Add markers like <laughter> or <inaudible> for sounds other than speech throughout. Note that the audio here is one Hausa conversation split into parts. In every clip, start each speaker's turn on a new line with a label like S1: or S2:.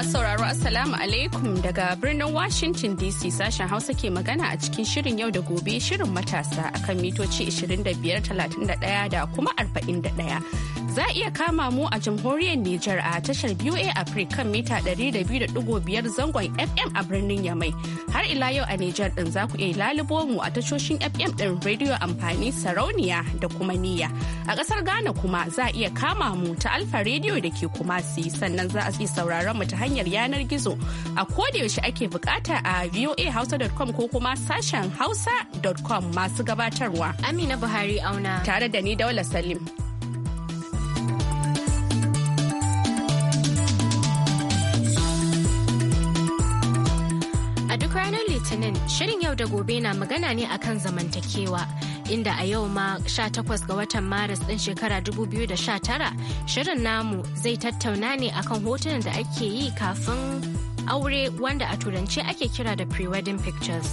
S1: masu sauraro Assalamu alaikum daga birnin Washington DC sashen Hausa ke magana a cikin shirin yau da gobe shirin matasa akan mitoci 25, 31 da kuma 41. Za iya kama mu a jamhuriyar Nijar a tashar BUA Africa kan mita 200.5 zangon FM a birnin Yamai. Har ila yau a Nijar din za ku iya lalubo mu a tashoshin FM din rediyo amfani sarauniya da kuma niyya. A ƙasar Ghana kuma za iya kama mu ta Alfa rediyo da ke kuma si sannan za a sauraron mu ta hanyar yanar gizo a kodayaushe ake bukata a voahausa.com ko kuma sashen hausa.com masu gabatarwa. Amina Buhari auna. Tare da ni Daula Salim.
S2: nan shirin yau da gobe na magana ne akan zamantakewa inda a yau ma 18 ga watan Maris din shekara 2019 shirin namu zai tattauna ne akan hotunan da ake yi kafin aure wanda a turanci ake kira da pre-wedding pictures.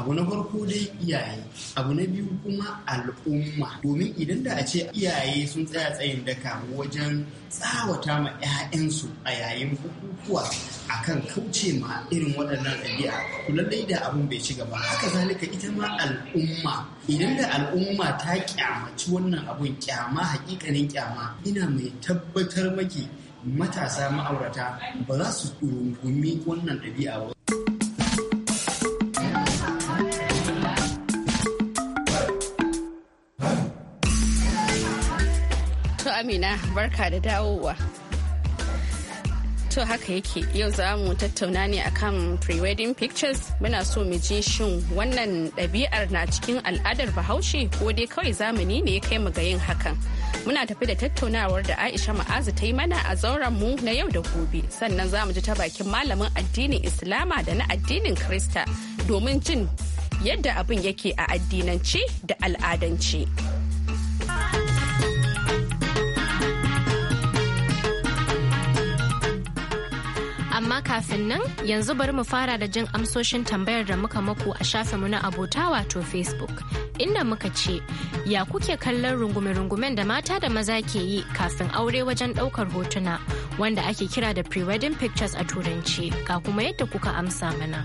S3: abu na farko dai iyaye abu na biyu kuma al'umma domin idan da a ce iyaye sun tsaya tsayin daka wajen tsawata ma 'ya'yansu a yayin bukukuwa akan kauce ma irin waɗannan ɗabi'a kula lallai da abin bai ci gaba haka zalika ita ma al'umma idan da al'umma ta kyamaci wannan abun kyama hakikanin kyama ina mai tabbatar maki matasa ma'aurata ba za su rungumi wannan ɗabi'a ba
S1: Amina barka da dawowa. To haka yake yau za mu tattauna ne akan pre-wedding pictures muna so mu ji shin wannan ɗabi'ar na cikin al'adar bahaushe ko dai kawai zamani ne ya kai mu ga yin hakan. Muna tafi da tattaunawar da Aisha Ma'azu ta yi mana a zauren mu na yau da gobe sannan za mu ji ta bakin malamin addinin Islama da na addinin Krista domin jin yadda abin yake a addinance da al'adance.
S2: kafin nan yanzu bari mu fara da jin amsoshin tambayar da muka maku a mu na abota wato facebook inda muka ce ya kuke kallon rungume-rungumen da mata da maza ke yi kafin aure wajen ɗaukar hotuna wanda ake kira da pre-wedding pictures a turanci ga kuma yadda kuka amsa mana.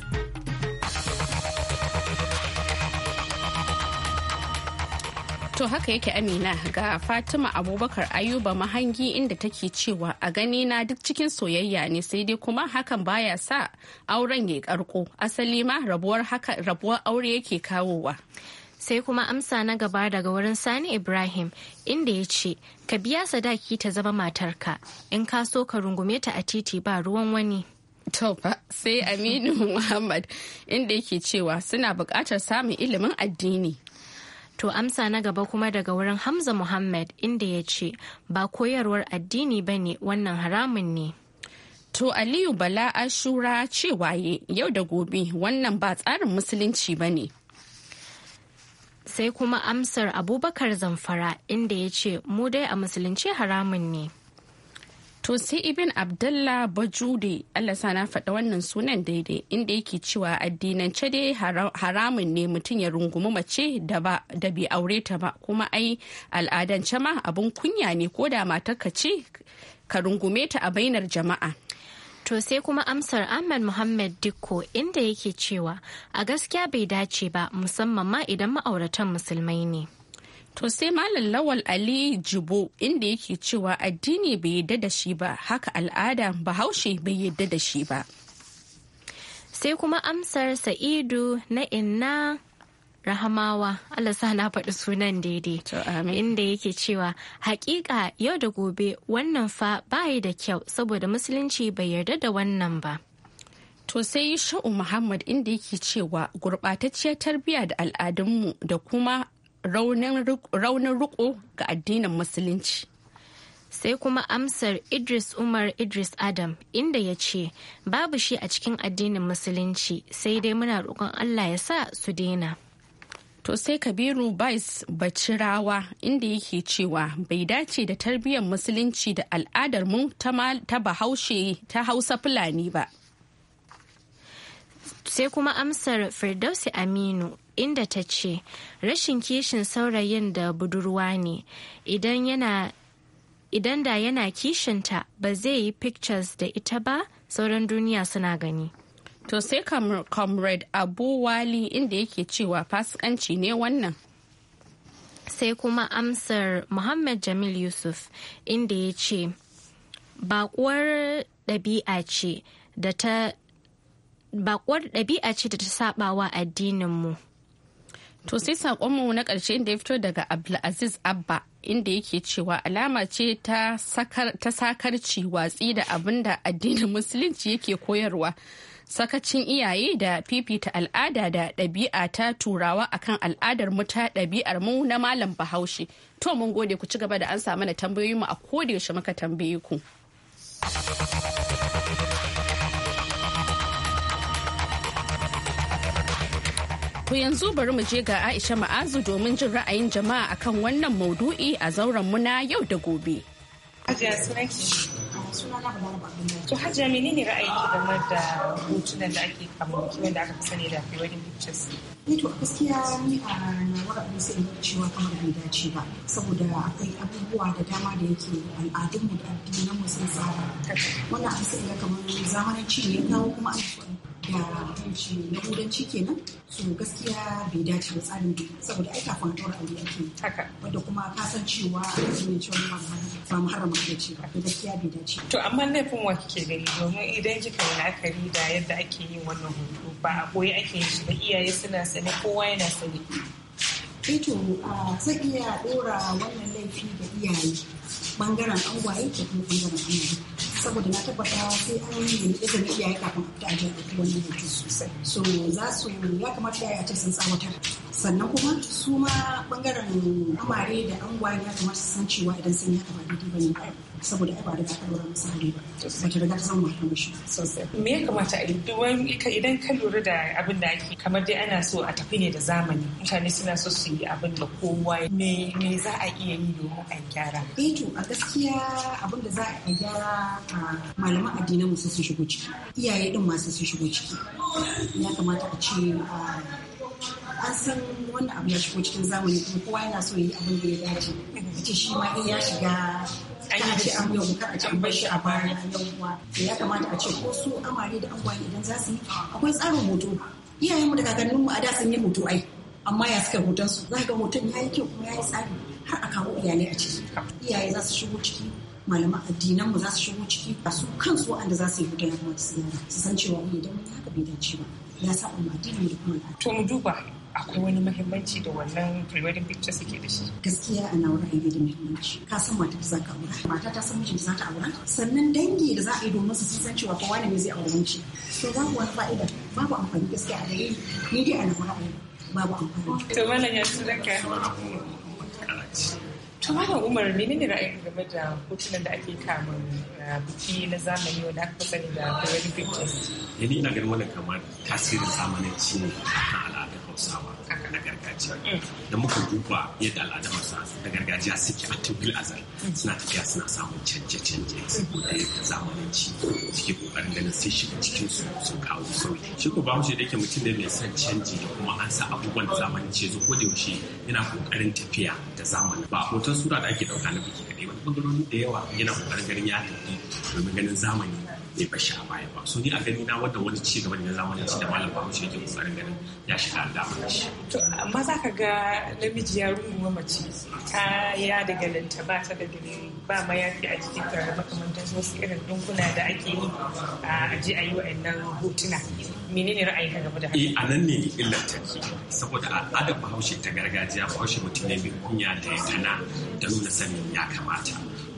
S2: To haka yake Amina ga
S1: Fatima Abubakar Ayuba mahangi inda take cewa a gani na duk cikin soyayya ne sai dai kuma hakan baya sa auren ya karko asali ma rabuwar haka rabuwar
S2: aure yake kawowa. Sai kuma amsa na gaba daga wurin Sani Ibrahim inda ya ce ka biya sadaki ta zama matarka in ka so ka rungume ta a titi ba ruwan wani. Taufa sai Aminu <laughs> Muhammad inda yake cewa suna buƙatar samun ilimin addini. To amsa na gaba kuma daga wurin Hamza Muhammad inda ya ce ba koyarwar addini ba ne wannan haramun ne.
S1: To Aliyu Bala Ashura waye yau da gobe wannan ba tsarin musulunci
S2: ba ne. Sai kuma amsar Abubakar Zamfara inda ya ce mu dai a musulunci haramun ne. To sai Ibn Abdullah
S1: Bajude, Allah na faɗa wannan sunan daidai inda yake cewa addinance dai haramun ne mutum ya rungumi mace da bai aure ta ba kuma ai al'adance
S2: ma abun kunya ne ko da ka ce ka rungume ta a bainar jama'a. To sai kuma amsar Ahmad Muhammad Dikko inda yake cewa a gaskiya bai dace ba musamman ma idan ma'auratan musulmai ne. To sai Malam Lawal Ali
S1: Jibo inda yake cewa addini bai yadda da shi ba haka al'ada bahaushe bai yadda da shi ba.
S2: Sai kuma amsar Sa'idu na inna rahamawa Allah sa na faɗi sunan daidai inda yake cewa hakika yau da gobe wannan fa bayi da kyau saboda musulunci bai yarda da wannan ba to sai sha'u muhammad inda yake cewa gurɓatacciyar
S1: tarbiyya da al'adunmu da kuma raunin riko ga addinin
S2: musulunci sai kuma amsar idris umar idris adam inda ya ce babu shi a cikin addinin musulunci sai dai muna roƙon allah ya sa su daina to sai kabiru bais bacirawa inda yake cewa
S1: bai dace da tarbiyyar musulunci da al'adar mu ta bahaushe ta hausa fulani ba
S2: sai kuma amsar firdausi aminu inda ta ce rashin kishin saurayin da budurwa ne idan yana idan da yana kishinta ba zai yi pictures da ita ba sauran duniya suna gani to sai comrade abu wali inda yake cewa fasikanci ne wannan sai kuma amsar muhammad jamil yusuf inda ya ce bakuwar ɗabi'a ce da ta bakuwar ɗabi'a ce da ta sabawa addininmu To sai saƙonmu na ƙarshe da ya fito daga Abdulaziz Abba inda
S1: yake cewa alama ce ta sakarci watsi da abin da addinin musulunci yake koyarwa. Sakacin iyaye da fifita al'ada da ɗabi'a ta turawa akan al'adar mu ta ɗabi'ar mu na malam bahaushe. To mun gode ku ci gaba da an samu na tambayoyi mu a koda yaushe muka tambaye ku. To yanzu bari mu je ga Aisha Ma'azu domin jin ra'ayin jama'a akan wannan maudu'i a zauren muna yau da gobe.
S4: To Hajiya menene ra'ayinki game da hotunan da ake kamanki wanda aka fi sani da wedding pictures?
S5: Ni eh to gaskiya ni a nawar abin sai yi cewa kamar bai dace ba saboda akwai abubuwa da dama da yake al'adunmu da addinan mu sun tsara. Wannan abin sai kamar zamananci ne kawo kuma an da na kudanci kenan su gaskiya bai dace da tsarin saboda ai kafin a ɗaura aure ake wadda kuma ka san cewa azumin cewa ba mu harama da ce ba gaskiya bai dace to
S4: amma laifin wa kike gani domin idan kika yi la'akari da yadda ake yin wannan hoto ba a koyi ake yin shi ba iyaye suna
S5: sani kowa yana sani. Ito eh zan iya ɗora wannan laifi da iyaye bangaren angwaye da kuma bangaren angwaye saboda na tabbata sai an yi da iyaye kafin a fita a jirgin wani hutu sosai so za su ya kamata ya ce sun tsawatar sannan kuma su ma bangaren amare da angwaye ya kamata su san cewa idan sun yi haka ba daidai ba ne saboda ai ba da ta lura masa aure ba ba ta riga ta samu mata mashi sosai me ya kamata
S4: a yi idan ka lura da abin da ake kamar dai ana so a tafi ne da zamani mutane suna so su yi abin da kowa me me za a iya yi domin a
S5: gyara eh to a gaskiya abin da za a gyara malaman addinan mu su shigo ciki iyaye din masu su shigo ciki ya kamata a ce an san wani abu ya shigo cikin zamani kuma kowa yana so yi abin da ya dace ita shi ma in ya shiga an ce an yau kar a ce an bar shi a baya yau uwa ya kamata a ce ko su amare da angwaye idan za su yi akwai tsarin hoto iyayen mu da kakannin mu a da sun yi hoto ai amma ya suka hoton su za ga hoton ya yi kyau kuma ya yi tsari har a kawo iyalai a ciki iyaye za su shigo ciki malaman addinan mu za su shigo ciki a su kansu wanda za su yi hoton ya kamata su san cewa idan mun haka bai dace ba ya sa addinin addini da kuma to mu duba akwai wani mahimmanci da wannan pre-wedding picture suke da shi gaskiya a naura ra'ayi da muhimmanci ka san mata za ka aura mata ta san mijinta za ta aura sannan dangi da za a yi domin su san cewa kowa ne zai aure mace so ku wani fa'ida babu amfani gaskiya a gare ni dai a nawa babu amfani
S4: to malam ya sunanka To Malam Umar menene ra'ayin game da hotunan da ake kamun uh, biki na zamani wanda aka sani da
S6: wedding pictures? Yanni eh, ina ganin wannan kamar tasirin zamananci ne a kan al'adar Hausawa na gargajiya. Mm. Da muka duba yadda al'adar Hausawa na gargajiya suke a tun azar suna tafiya suna samun canje-canje saboda yadda zamananci suke kokarin ganin sai shiga cikin su sun kawo sauyi. Shi ko bahaushe da yake mutum ne mai son canji da kuma an sa abubuwan da zamanin ya zo ko da yaushe yana kokarin tafiya da zamani ba wancan sura da ake ɗauka na biki kadai wani ɓangarori da yawa yana kokarin ganin ya tafi domin ganin zamani bai bashi a baya ba so ni a gani na wadda wani ci gaba ne na zamananci da malam bahaushe yake kokarin ganin ya shiga al'amari shi.
S4: to amma za ka ga namiji ya wa mace ta ya da galinta ba ta da gani ba ma ya a jikin karar makamantar wasu irin dunkuna da ake yi a ji a yi nan hotuna menene ra'ayi ka game da haka? Eh, a nan
S6: ne illar take saboda al'adar bahaushe ta gargajiya bahaushe mutum ne mai kunya da ya tana da nuna sanin ya kamata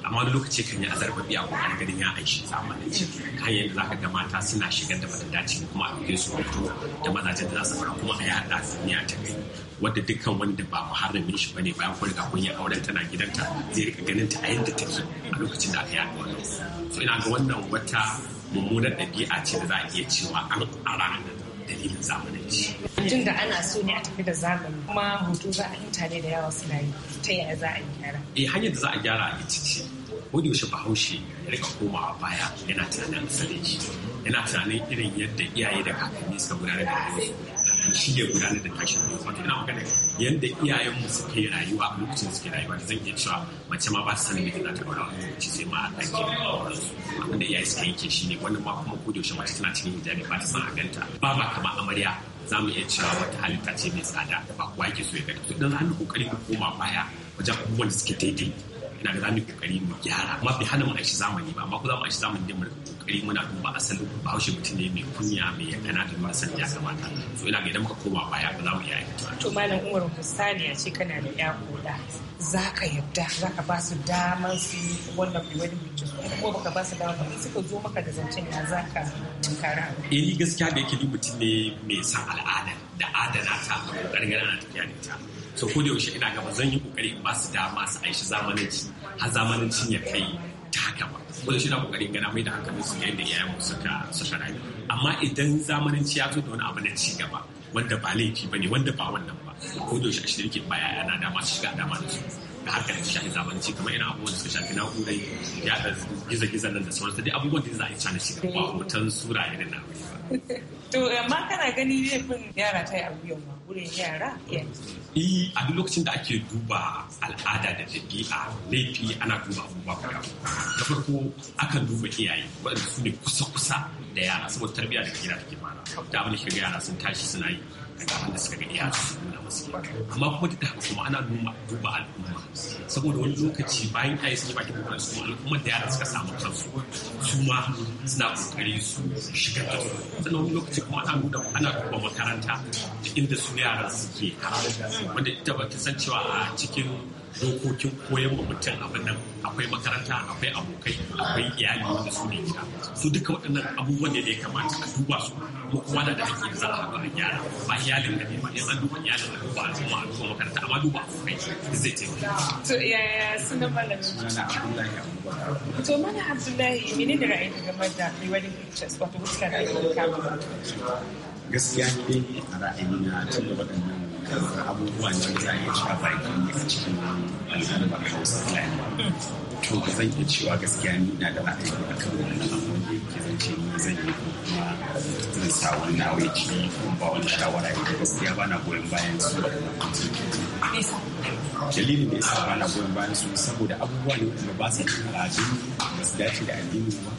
S6: amma wani lokaci kan yi azarbabi a an ganin ya aishi zamananci hanyar da zaka ga mata suna shigar da bata dace kuma a buge su hoto da mazajen da za su fara kuma a yada duniya ta gani wadda dukkan wanda ba muharramin shi bane bayan kun riga kun yi auren tana gidanta zai rika ganin ta a yadda take a lokacin da aka yi yada wannan so ina ga wannan wata mummunar ɗabi'a ce da za a iya cewa an ara dalilin zamananci. Tun
S4: da ana so ne a tafi da zamani kuma hoto za a mutane da yawa suna yi ta yaya za a gyara.
S6: Eh hanyar da za a gyara a ita ce kodi yaushe bahaushe ya rika komawa baya yana tunanin shi. yana tunanin irin yadda iyaye da kakanni suka gudanar da rayuwa shi ya gudanar da tashin rayuwa ina magana yadda iyayenmu suke rayuwa a lokacin suke rayuwa da zan iya cewa mace ma ba su sanin yadda za ta ɗora wani lokaci sai ma a ɗaki abinda iyaye suka yanke shi ne wannan ma kuma kodi yaushe mace tana cikin hijabi ba ta san a ganta ba ba kama amarya za mu iya cewa wata halitta ce mai tsada ba kowa ke so ya gani to za mu kokari mu koma baya wajen abubuwan da suke daidai ina ga zamu kokari mu gyara amma bai hana mu shi zamani ba amma mu a shi zamani din mu kokari muna duba asalin bahaushe mutum ne mai kunya mai yakana da ma san ya kamata so ina ga idan muka koma baya ba za mu yaya aikata to malam
S4: Umar Musani ya ce kana da ya koda za ka yadda za ka ba su damar su wannan pre wani pictures kuma ka ba su damar ba suka zo maka da zancen ya za ka tunkara
S6: eh ni gaskiya da yake ni mutum ne mai san al'ada da adana ta a kokarin ganin tafiya da ita so ko da yaushe ina gaba zan yi kokari in ba su dama su aishi zamananci har zamananci ya kai ta haka ba ko da shi na kokarin gana mai da hankalin su yayin da iyayen mu suka suka rayu amma idan zamananci ya zo da wani abu na ci gaba wanda ba laifi ba ne wanda ba wannan ba ko da yaushe a shirye ke baya yana dama su shiga dama da su da haka ne shafi ci kamar ina abubuwan da suka shafi na'urai yaɗa giza giza nan da sauransu dai abubuwan da za a yi cana shi ba hoton sura irin na ba.
S4: <laughs> to amma kana gani laifin yara ta yi abu yau wurin yara
S6: yanzu? a duk lokacin da ake duba al'ada da ɗabi'a laifi ana duba abubuwa guda na farko akan duba iyaye waɗanda su ne kusa-kusa da yara saboda tarbiyya daga gida take fara da abin da yara sun tashi suna yi daga wanda suka ga iyalansu da wasu amma kuma duk da haka kuma ana duba duba al'umma saboda wani lokaci bayan iyaye sun yi bakin kokarin su al'ummar da yaran suka samu kansu su ma suna kokari su shiga da su sannan wani lokaci kuma ana duba ana duba makaranta da inda su yaran suke wanda ita ba ta san cewa a cikin dokokin koyon wa mutum abin nan akwai makaranta akwai abokai akwai iyali wanda su ne gida su duka waɗannan abubuwan da ya kamata a duba su ko kuma da ake za a haɗu a gyara ba iyalin da ne ba ya an duba iyalin da duba al'umma a duba makaranta amma duba abokai zai taimaka.
S4: to yaya suna malam. to mana abdullahi mene da ra'ayin game da wani pictures wato fuskar da ya kama
S6: gaskiya ne a na tun da waɗannan abubuwa abubuwan da za a iya cewa baki a cikin al'adar hausa fulani to ba zan iya cewa gaskiya ni na da ra'ayi a kan wannan abubuwan ke zan ce ni zan yi ko kuma zan sa wani nawai ci ko ba wani shawara ne gaskiya ba na goyon bayan su
S5: dalilin da ya sa ba na
S6: goyon bayan su saboda abubuwa ne wanda ba su al'adu ba su dace da addini ba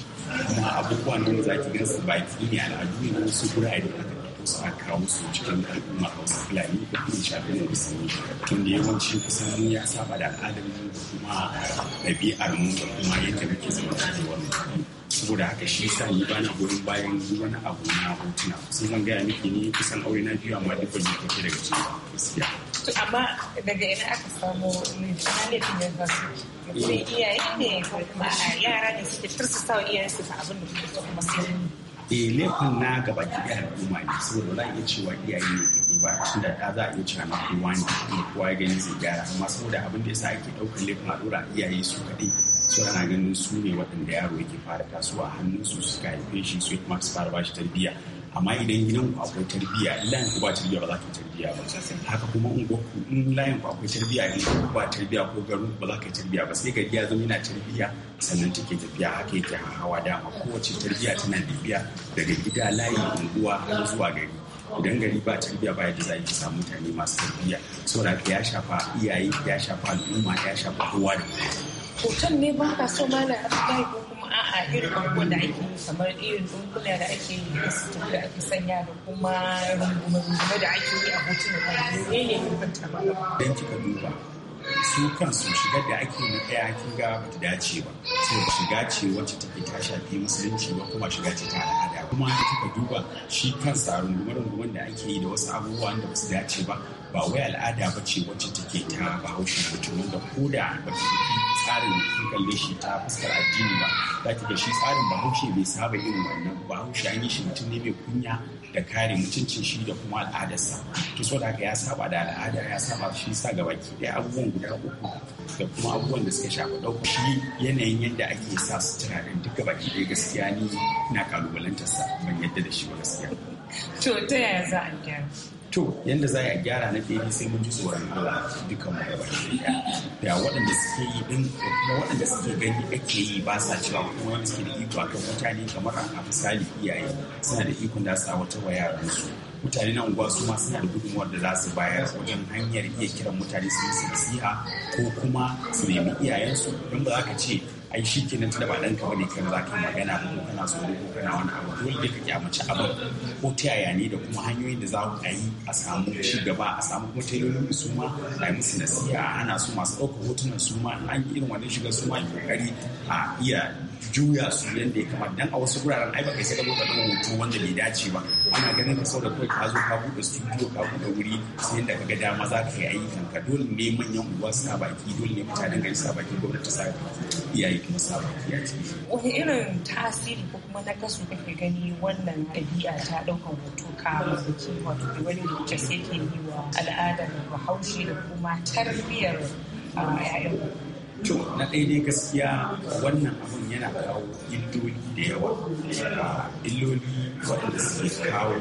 S6: kuma abubuwa ne wanda za ki gan su baki ne al'adu ne wasu gurare da hausa a su cikin al'umma hausa fulani ko kuma shafi yawanci kusan mu da al'adar mu da kuma ɗabi'ar mu muke zama mu saboda haka shi sa ba na goyon bayan wani abu na hotuna gaya ni aure na biyu amma duk wani kake
S4: daga ne ko kuma yara ne suke tursa abin da suke so
S6: eh laifin na gaba ki ɗaya al'umma ne saboda za a iya cewa iyaye ne kaɗi ba tun da za a iya cewa na kowa ne kuma kowa ya gani zai gyara amma saboda abin da ya yasa ake ɗaukar laifin al'ura iyaye su kaɗai su ana ganin su ne waɗanda yaro yake fara tasowa hannun su suka haife shi su kuma su fara bashi tarbiyya amma idan gidan ku akwai tarbiyya in layin ku ba tarbiyya ba za ka tarbiyya ba haka kuma in layin ku akwai tarbiyya ne ba tarbiyya ko garin ba za ka tarbiyya ba sai gari ya zama yana tarbiyya sannan take tafiya haka yake hawa dama kowace tarbiyya tana bibiya daga gida layi unguwa har zuwa gari idan gari ba tarbiyya ba yadda za a samu mutane masu tarbiyya saboda ya shafa iyaye ya shafa al'umma ya shafa kowa da kowa
S4: hoton ne ba ka so mana a a'a irin abubuwan da ake yi kamar irin dunkuna da ake yi da sutura da ake sanya da kuma rungume-rungume da ake yi a hotunan da ne ne bambanta ba.
S6: Idan kika duba su kansu shigar da ake na ɗaya kin ga ba ta dace ba saboda shiga ce wacce take ta shafi musulunci ba kuma shiga ce ta al'ada kuma in kika duba shi kansa rungume-rungumen da ake yi da wasu abubuwan da ba su dace ba ba wai al'ada ba ce wacce take ta bahaushe mutumin da ko da ba ta tsarin kin kalle shi ta fuskar addini ba za ki ga shi tsarin bahaushe bai saba irin wannan bahaushe an yi shi mutum ne mai kunya da kare mutuncin shi da kuma al'adarsa to so da ya saba da al'ada ya saba shi sa ga baki ɗaya abubuwan guda uku da kuma abubuwan da suka shafa ɗauko shi yanayin yadda ake sa su da duka baki ɗaya gaskiya ni na kalubalantarsa ban yadda da shi ba gaskiya.
S4: to ta yaya za a gyara
S6: to yadda za a gyara na fili sai mun ji tsoron Allah dukkan mu gaba da waɗanda suke yi din kuma waɗanda suke gani ake yi ba sa cewa kuma wanda suke da iko akan mutane kamar a misali iyaye suna da ikon da sa wata waya su mutane na unguwa su ma suna da gudunmuwar da za su bayar wajen hanyar iya kiran mutane su yi ko kuma su nemi iyayensu don ba za ka ce ai shi ke nan ba ɗanka ba ne za ka yi magana ba ko kana tsoro ko kana wani abu dole da kake mace abin ko ta yaya ne da kuma hanyoyin da za ku yi a samu ci gaba a samu kuma tailolin su ma a yi musu nasiha ana hana su masu ɗaukar hotunan su ma an yi irin wannan shiga su ma yi kokari a iya juya su yadda ya kama dan a wasu guraren ai baka sai ka zo ka wanda bai dace ba ana ganin ka sau da kai ka zo ka buɗe studio ka buɗe wuri sai yadda ka ga dama za ka yi ayyukan ka dole ne manyan uwa suna baki dole ne mutanen gari suna baki gwamnati ta sa iyaye kuma suna baki a ciki.
S4: wani irin tasiri ko kuma na kasu kake gani wannan ɗabi'a ta ɗaukar hoto ka
S6: biki wato da wani rubuce sai ke
S4: yi wa al'adar bahaushe da kuma tarbiyyar ah, 'ya'yan to
S6: na ɗaya dai gaskiya wannan abun yana kawo illoli da yawa illoli waɗanda suke kawo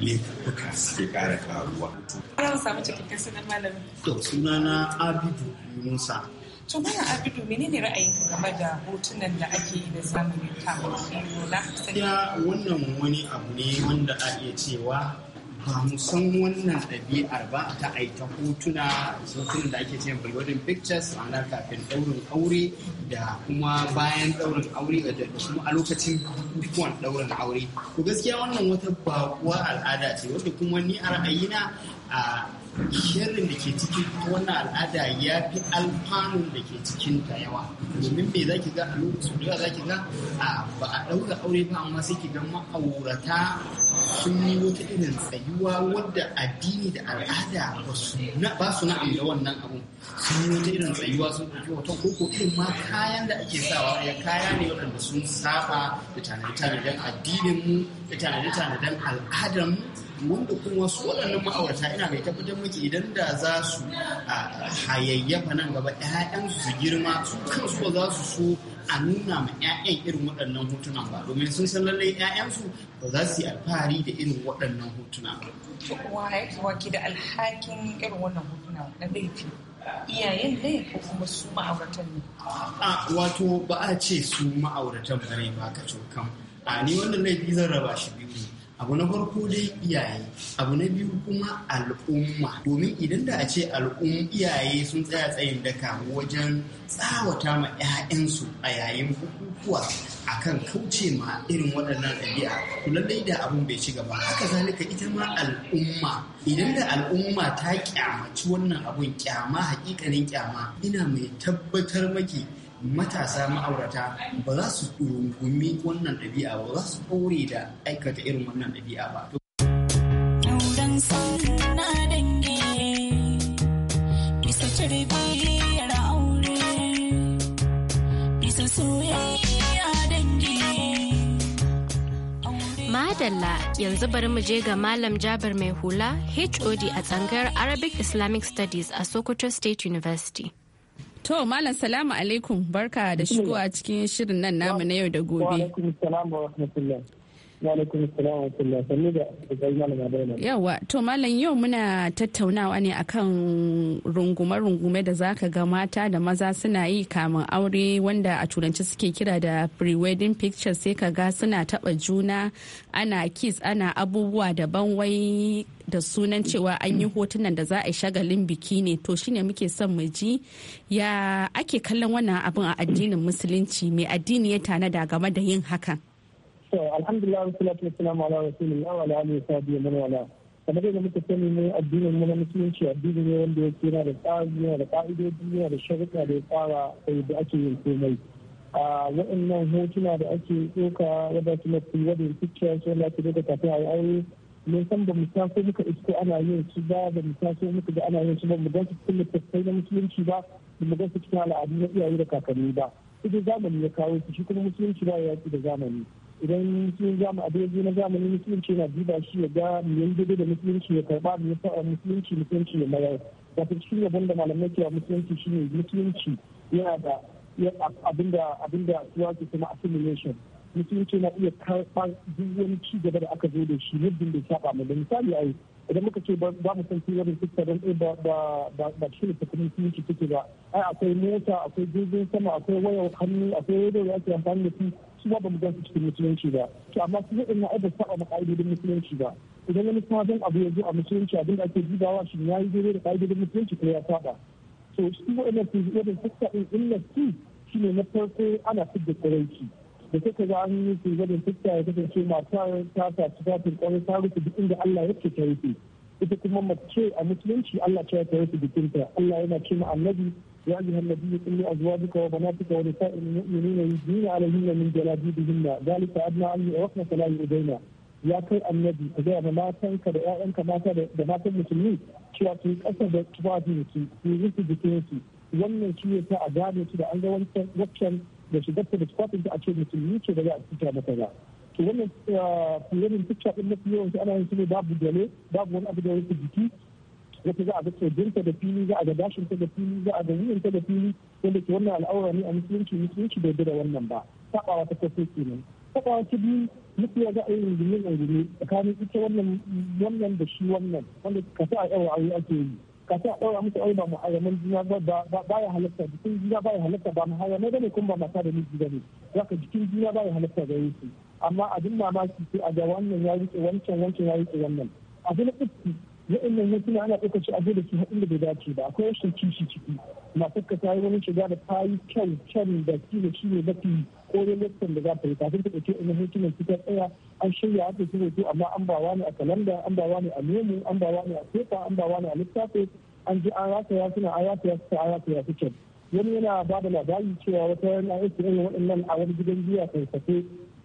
S6: laifuka suke ƙara karuwa.
S4: Ana samu cikakken sunan malami.
S3: To sunana Abidu Musa.
S4: To mana Abidu menene ra'ayinka game da hotunan da ake yi da zamani kamar Lola?
S3: Ya wannan wani abu ne wanda a iya cewa ba mu san wannan ɗabi'ar ba ta aita hotuna hotunan da ake cewa bulwadin pictures ma'ana kafin ɗaurin aure da kuma bayan ɗaurin aure da kuma a lokacin bukukuwan ɗaurin aure to gaskiya wannan wata bakuwar al'ada ce wanda kuma ni a ra'ayina a shirin da ke cikin wannan al'ada ya fi alfanun da ke cikin ta yawa domin me zaki ga a lokacin da zaki ga a ba a ɗaura aure ba amma sai ki ga ma'aurata sun yi wata irin tsayuwa wadda addini da al'ada ba su na da wannan abu sun yi wata irin tsayuwa sun ɗauki hoton koko irin ma kayan da ake sawa ya kaya ne waɗanda sun saba da tanadi tanaden addinin mu da tanadi tanaden al'adar mu mun da kuma su waɗannan ma'aurata ina mai tabbatar miki idan da za su hayayyafa nan gaba ‘ya'yansu su girma su kansu ba za su so a nuna ma 'ya'yan irin waɗannan hotuna ba domin sun san lallai 'ya'yansu ba za su yi alfahari da irin waɗannan hotuna ba.
S4: Wa ke da alhakin irin wannan hotuna na laifi iyayen ne ko kuma su ma'auratan ne?
S3: A wato ba a ce su ma'auratan ba ne ba ka cokan. A ni wannan laifi zan raba shi abu na farko dai iyaye abu na biyu kuma al'umma domin idan da a ce al'um iyaye sun tsaya tsayin daka wajen tsawata ma 'ya'yansu a yayin bukukuwa akan kauce ma irin waɗannan ɗabi'a to lallai da abun bai ci gaba haka zalika ita ma al'umma idan da al'umma ta kyamaci wannan abun kyama hakikanin kyama ina mai tabbatar maki matasa ma'aurata ba za su rungumi wannan ɗabi'a ba za su ɗore da aikata irin wannan ɗabi'a ba.
S2: Madalla yanzu bari mu je ga Malam Jabir mai hula HOD a tsangayar Arabic Islamic Studies a Sokoto State University. To Malam Salamu
S1: alaikum barka da shigowa cikin shirin nan namu na yau da gobe. Walaikum Yawa, to malam yau muna tattaunawa ne akan rungume-rungume da zaka ga mata da maza suna yi kamun aure wanda a turanci suke kira da pre-wedding pictures sai ka ga suna taba juna ana kiss ana abubuwa daban wai da sunan cewa an yi hotunan da za a yi shagalin biki ne to shine muke son mu ji ya ake kallon wannan abin a addinin musulunci mai addini ya tanada game da yin hakan.
S7: alhamdulillah wa salatu wassalamu ala rasulillah wa ala alihi wa sahbihi wa wala kamar yadda muka sani ne addinin mu na musulunci addini ne wanda yake yana da tsari yana da ka'idodi yana da sharuɗa da ya tsara da ake yin komai a waɗannan hotuna da ake ɗauka wadda su mafi wadda su cikin su wadda su ɗauka kafin a yi aure mun san ba mu taso muka isko ana yin su ba ba mu taso muka ga ana yin su ba mu gan su cikin littattafai na musulunci ba ba mu gan su cikin al'adu na iyaye da kakanni ba ita zamani ya kawo su shi kuma musulunci ba ya fi da zamani idan sun zamu adoji na zamani musulunci na diba shi ya ga mu yi da musulunci ya karba da sa musulunci musulunci ya mayar wato cikin abin da malamai a musulunci ne musulunci yana da abinda abinda suwa ke kuma assimilation musulunci na iya karɓar duk ci gaba da aka zo da shi muddin da saba mu da misali ai idan muka ce ba mu san tiyarin fuska don ba ba da shi da kuma musulunci take ba ai akwai mota akwai jirgin sama akwai wayar hannu akwai wadda da ake amfani da su suwa ba mu gan su cikin musulunci ba to amma su zai ina aibata saba ma ka'idodin musulunci ba idan wani sabon abu ya zo a musulunci abin da ake jibawa shi ya yi daidai da ka'idodin musulunci ko ya saba to su ina su zai da fuska in illa su ne na farko ana da kwaranci da suka ga an yi su zai da fuska ya kasance matar ta sa tun kwarai ta rufe duk inda Allah ya ce ta rufe ita kuma mace a musulunci Allah ce ta rufe jikinta Allah yana ce ma annabi يا أيها النبي قل لأزواجك وبناتك ونساء المؤمنين يدين عليهن من جلابيبهن ذلك أدنى أن يعرفن فلا يؤذين ya kai annabi ka gaya matanka da ƴaƴanka mata da matan musulmi cewa su ƙasa da tufafin su su rufe jikin su wannan shi yasa a gane su da an ga wancan waccan da shigarta da tufafin a ce musulmi ce da za a fita mata ba to wannan fiyarin fikca ɗin mafi yawanci ana yin su ne babu gale babu wani abu da wasu jiki wata za a ga tsojinta da fili za a ga dashinta da fili za a ga wuyanta da fili wanda ke wannan al'aura ne a musulunci musulunci bai bi da wannan ba sabawa ta kofi kenan sabawa ta biyu mutuwa za a yi rungume rungume tsakanin ita wannan wannan da shi wannan wanda ka sa a yawa ake yi ka sa a yawa musu aure ba muharraman juna ba ba ya halatta jikin juna ba ya halatta ba muharramai ba ne kuma ba mata da miji ba ne za ka jikin juna ba ya halatta ga su amma abin mamaki sai a ga wannan ya rike wancan wancan ya rike wannan abin na wa'annan hotuna ana ɗaukar su a da su haɗin da bai dace ba akwai rashin kishi ciki masu ka ta yi wani shiga da ta yi kyan kyan da shi da shi ne mafi koyon lakcin da za ta yi kafin ta ɗauke wani hotunan su ta tsaya an shirya haka su hoto amma an bawa ne a kalanda an bawa ne a memo an bawa ne a pepa an bawa ne a littafi an ji an rataya suna an su an rataya su kyan wani yana ba da labari cewa wata yana yake yin waɗannan a wani gidan giya kai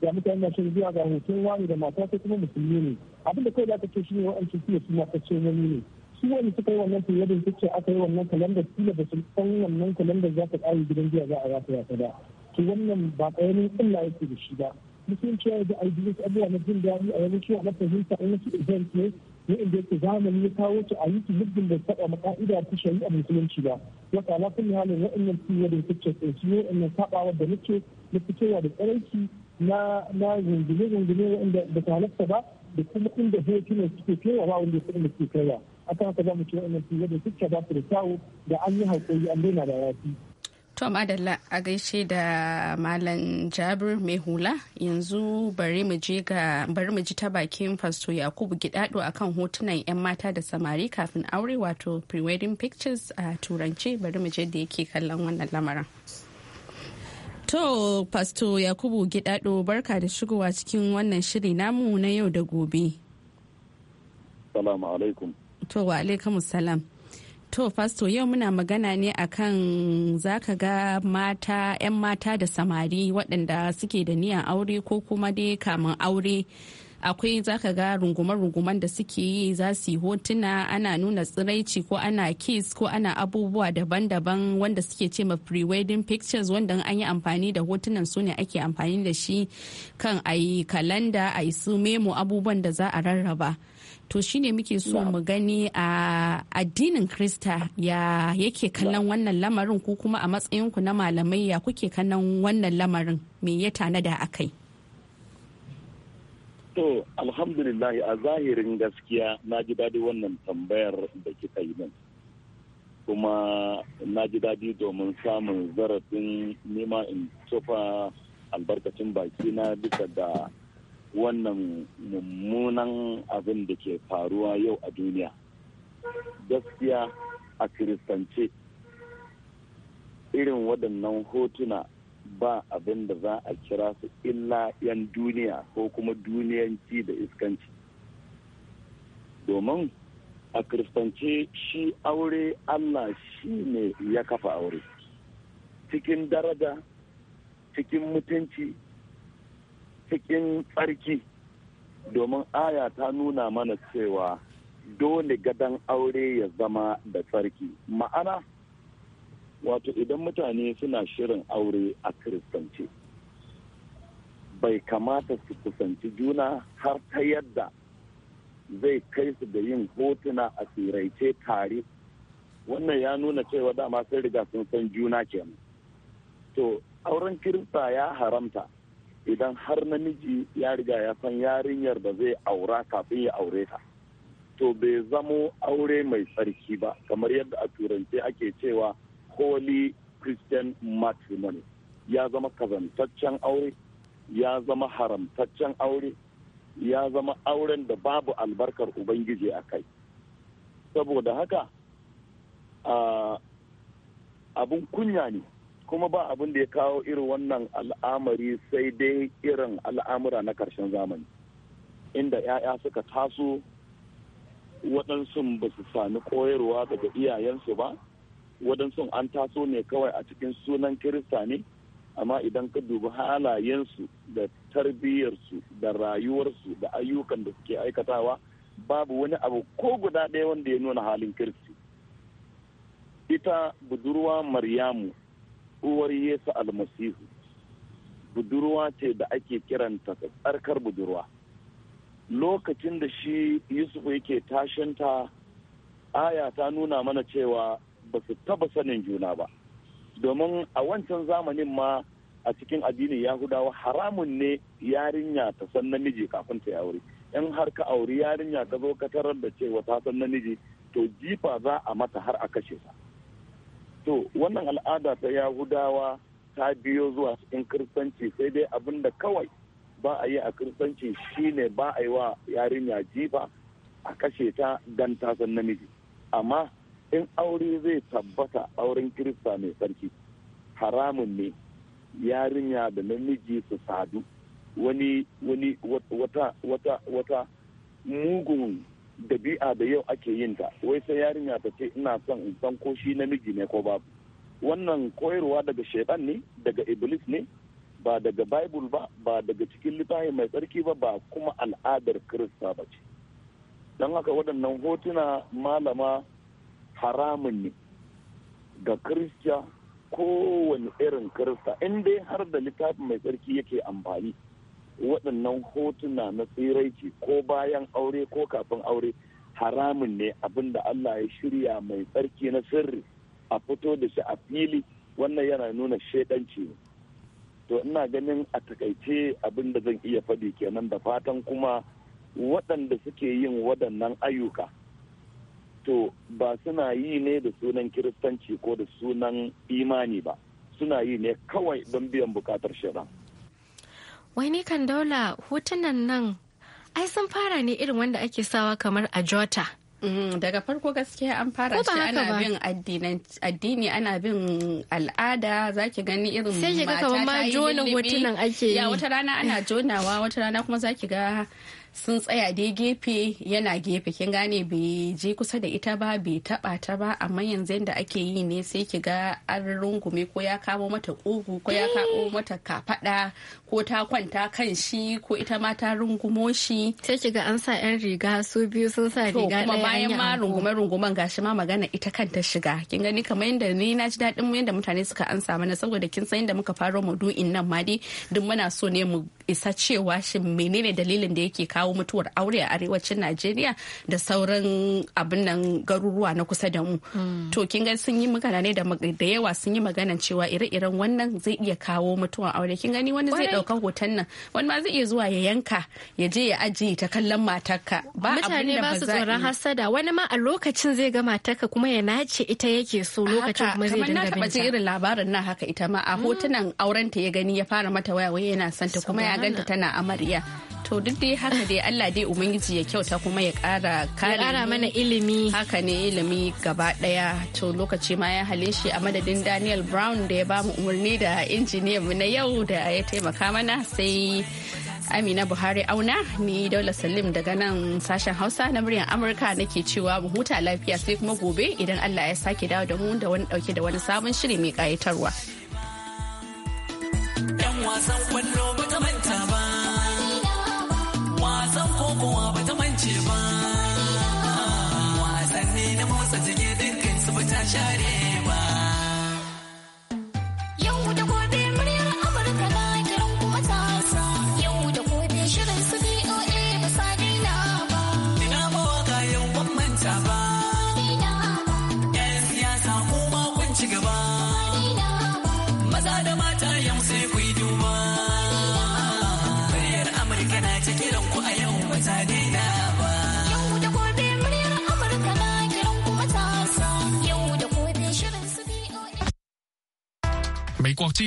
S7: ya mutane na shan zuwa ga hoton wani da mata ko kuma musulmi ne abin da kai za ka ce shi ne wa'ancin fiye su mata ce wani ne su wani suka yi wannan fiye da ce aka yi wannan kalandar kila da sun san wannan kalandar za ta ƙare gidan jiya za a rata ya ba to wannan ba ƙaramin illa yake da shi ba musulunci ya yi da aiki abubuwa na jin daɗi a yanzu cewa na fahimta a wasu event ne inda yake zamani ya kawo ta a yi muddin da taɓa maka'ida ta shari'a musulunci ba ya kala kun halin wa'annan fiye da su ce su yi wa'annan saɓawa da nake na fitowa da tsaraici na na zungune zungune wanda ba ta halatta ba da kuma inda hotunan suke kewa ba wanda su inda suke kaiwa a haka za mu cewa wannan fiye da suke ba su da kyawu da an yi haƙuri an daina da yafi.
S1: Tom Adalla a gaishe da Malam Jabir mai hula yanzu bari mu je ga bari ji ta bakin Fasto Yakubu Gidado akan hotunan 'yan mata da samari kafin aure wato pre-wedding pictures a turance bari mu je da yake kallon wannan lamarin. To, Pasto Yakubu Gidado barka da shigowa cikin wannan shiri namu na yau da gobe.
S8: Salamu alaikum.
S1: To, wa alaikum salam. To, Pasto yau muna magana ne akan zaka ga mata, 'yan mata da samari waɗanda suke da niyan aure ko kuma dai kamun aure akwai zaka ga rungume-rungumen da suke yi za su yi hotuna ana nuna tsiraici ko ana kiss ko ana abubuwa daban-daban wanda suke ce ma pre-wedding pictures wanda an yi amfani da hotunan su ne ake amfani da shi kan a yi kalanda a yi su memo abubuwan da za a rarraba to shine muke so mu gani a addinin krista ya yake kallon wannan lamarin ko kuma a matsayinku na malamai ya kuke kallon wannan lamarin me ya tanada a kai
S8: To, alhamdulillah a zahirin gaskiya na ji daɗi wannan tambayar da kika yi min. Kuma na ji daɗi domin samun zarafin nema in tufa albarkacin baki na bisa da wannan mummunan abin da ke faruwa yau a duniya. Gaskiya a kiristance irin waɗannan hotuna ba abin da za a kira su illa 'yan duniya ko kuma duniyanci da iskanci domin a kristance shi aure allah shi ne ya kafa aure cikin daraja cikin mutunci cikin tsarki domin aya ta nuna mana cewa dole gadon aure ya zama da tsarki ma'ana wato idan mutane suna shirin aure a kiristance bai kamata su kusanci juna har ta yadda zai kai su da yin hotuna a siraice tare wannan ya nuna cewa dama sun riga sun san juna kenan to auren kirista ya haramta idan har namiji ya riga ya san yarinyar da zai aura kafin ya aure ta to bai zamo aure mai tsarki ba kamar yadda a turance ake cewa holy christian matrimony ya zama kazantaccen aure ya zama haramtaccen aure ya zama auren da babu albarkar ubangiji a kai saboda haka abin kunya ne kuma ba abin da ya kawo irin wannan al'amari sai dai irin al'amura na karshen zamani inda 'ya'ya suka taso waɗansu ba su sami koyarwa daga iyayensu ba waɗansu an taso ne kawai a cikin sunan kirista ne amma idan ka dubi halayensu da tarbiyyarsu da rayuwarsu da ayyukan da suke aikatawa babu wani abu ko guda ɗaya wanda ya nuna halin kirki ita budurwa maryamu uwar yesu almasihu budurwa ce da ake kiranta tsarkar budurwa lokacin da shi yusuf yake tashinta aya ta nuna mana cewa ba su taba sanin juna ba domin a wancan zamanin ma a cikin addinin yahudawa haramun ne yarinya ta san namiji kafin ta aure in har ka auri yarinya ta zo ka tarar da cewa ta san namiji to jifa za a mata har a kashe ta to wannan al'ada ta yahudawa ta biyo zuwa cikin kiristanci sai dai abin da kawai ba a yi a kiristanci shine ba a yi wa yarinya jifa a kashe ta dan ta san namiji amma in aure zai tabbata auren kirista mai tsarki haramun ne yarinya da namiji su sadu wani wani wata wata wata mugun dabi'a da yau ake yin ta wai sai yarinya ta ce ina son in san ko shi namiji ne ko babu wannan koyarwa daga shaidan ne daga iblis ne ba daga bible ba ba daga cikin littafi mai tsarki ba ba kuma al'adar kirista ba ce don haka waɗannan hotuna malama haramun ne ga kirista kowane irin kirista in dai har da littafin mai tsarki yake amfani waɗannan hotuna na tsiraici ko bayan aure ko kafin aure haramun ne abinda Allah ya shirya mai tsarki na sirri a fito da shi a fili wannan yana nuna shaidanci ne to ina ganin a takaice abin da zan iya faɗi kenan da fatan kuma waɗanda suke yin waɗannan ayyuka to ba suna yi ne da sunan kiristanci ko da sunan imani ba suna yi ne kawai don biyan bukatar shaidan
S2: wai ne kan daula hotunan nan ai sun fara ne irin wanda ake sawa kamar a jota mm-hmm. daga farko gaskiya
S1: an fara shi ana bin addini ana bin al'ada zaki gani irin mata ta yi ya wata rana ana jonawa wata rana kuma zaki ga sun tsaya dai gefe yana gefe kin gane bai je kusa da ita ba bai taba ta ba amma yanzu yadda ake yi ne sai ki ga an rungume ko ya kamo mata kugu ko ya kamo <gasps> mata kafada ko ta kwanta kan shi ko ita ma ta rungumo shi sai ki ga an sa yan riga su biyu sun sa riga kuma bayan ma rungume runguman gashi ma magana ita kanta shiga kin gani kamar yadda ni na ji daɗin yadda mutane suka ansa mana saboda kin san yadda muka faro du'in nan ma dai duk muna so ne mu isa cewa shin menene dalilin da yake kawo kawo mutuwar aure a arewacin Najeriya da sauran abin nan garuruwa na kusa da mu. Mm. To kin ga sun yi magana ne da yawa sun yi magana cewa ire-iren wannan zai iya kawo mutuwar aure. Kin gani wani zai ɗauka hoton nan wani ma zai iya zuwa ya yanka ya je ya ajiye ta kallon matarka. Ba Mutane ba su tsoron hasada
S2: wani ma a lokacin zai ga
S1: matarka kuma ya nace ita yake so lokacin kuma zai dinga binta. Kamar na irin labarin nan haka ita ma a mm. hotunan aurenta ya gani ya fara mata waya wai yana santa kuma ya ganta tana amarya. to duk dai haka dai Allah dai ubangiji ya kyauta kuma ya kara kare kara mana ilimi haka ne ilimi gaba daya to lokaci ma ya hale shi a madadin Daniel Brown da ya ba mu umarni da injiniyan mu na yau da ya taimaka mana sai Amina Buhari auna ni Daula Salim daga nan sashen Hausa na muryar Amurka nake cewa mu huta lafiya sai kuma gobe idan Allah ya sake dawo da mu da wani dauke da wani sabon shiri mai kayatarwa.
S4: 'Yan wasan kwallo ba ba. kowa ba ta mance ba wasanni na motsa jike dinkin su ba share quartier